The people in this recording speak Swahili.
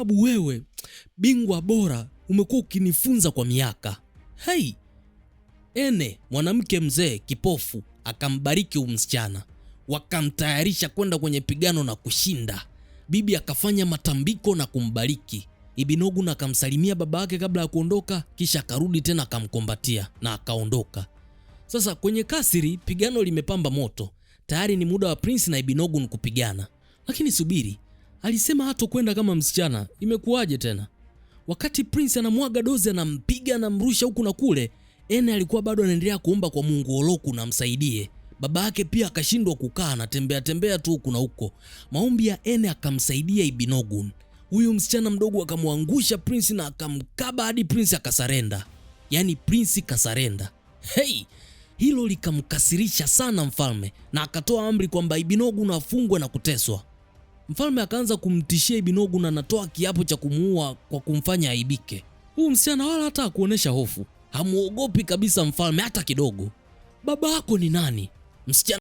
sababu wewe bingwa bora umekuwa ukinifunza kwa miaka hei. Ene mwanamke mzee kipofu akambariki umsichana, wakamtayarisha kwenda kwenye pigano na kushinda. Bibi akafanya matambiko na kumbariki. Ibinogun akamsalimia baba yake kabla ya kuondoka, kisha akarudi tena akamkombatia na akaondoka. Sasa kwenye kasiri pigano limepamba moto, tayari ni muda wa Prince na Ibinogun kupigana. Lakini subiri, Alisema hato kwenda kama msichana. Imekuwaje tena? Wakati Prince anamwaga dozi, anampiga, anamrusha huku na kule, Ene alikuwa bado anaendelea kuomba kwa Mungu Oloku na msaidie. Baba yake pia akashindwa kukaa, anatembea tembea tu huku na huko. Maombi ya Ene akamsaidia Ibinogun. Huyu msichana mdogo akamwangusha Prince na akamkaba hadi Prince akasarenda. Yaani Prince kasarenda. Hey, hilo likamkasirisha sana mfalme na akatoa amri kwamba Ibinogun afungwe na kuteswa. Mfalme akaanza kumtishia Ibinogu na anatoa kiapo cha kumuua kwa kumfanya aibike. Huu msichana wala hata hakuonesha hofu, hamuogopi kabisa mfalme hata kidogo. Baba yako ni nani? Msichana